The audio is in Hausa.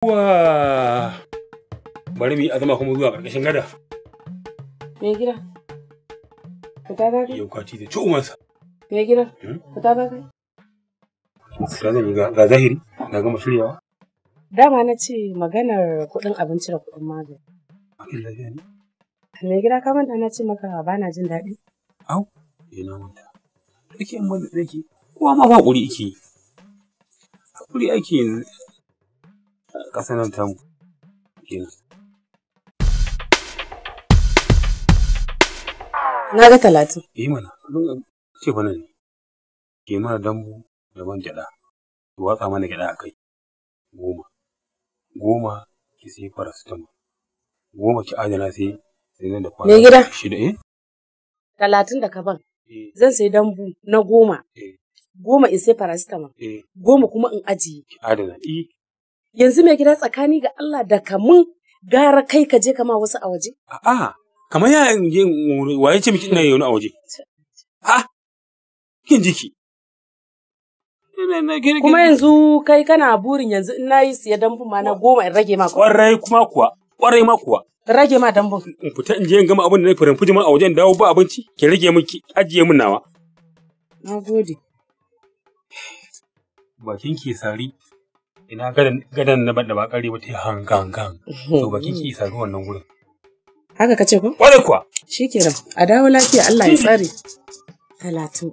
Wa bari mu yi azama kuma zuwa ƙarƙashin gada. Me gida? Fita ta kai? Yau kwaci da ci umarsa. Me gida? Hmm? Fita ta kai? Fita zan yi ga zahiri ga gama shiryawa. Dama na ce maganar kuɗin abinci da kuɗin magani. Akin lafiya ne? Me gida ka manta na ce maka ba na jin daɗi? Au, ina eh, manta. Ɗauke in manta ɗauke. Kowa ma ba ƙuri ake yi. Ƙuri ake yi ƙasar nan tamu na ga talatin Eh mana ce mana ne ke mana dambu da man gyaɗa ki watsa mana gyaɗa a kai goma goma ki sai paracetamol goma ki adana sai sai da kwana gida shida eh talatin da ka ban eh. zan sai dambu na goma eh. goma in sai paracetamol eh. goma kuma in ajiye adana eh Yanzu mai gida tsakani ga Allah da kamun gara kai ka je kama wasu a waje? A'a, kamar ya waye ce miki ina yi a waje? A, kin jiki. Kuma yanzu kai kana burin yanzu ina yi siya dambun ma na goma in rage ma kuwa. kuma kuwa, kwarai ma kuwa. Rage ma dambun. In fita in je in gama abin da na furin ma a wajen dawo ba abinci, ki rage min ki ajiye min nawa. Na gode. Bakin ke sari. ina gadan na da ba kare ba ta hangangan hmm. to ba kiki isa ga wannan gurin haka kace ko kware kuwa shikenan a dawo lafiya Allah ya tsare talatu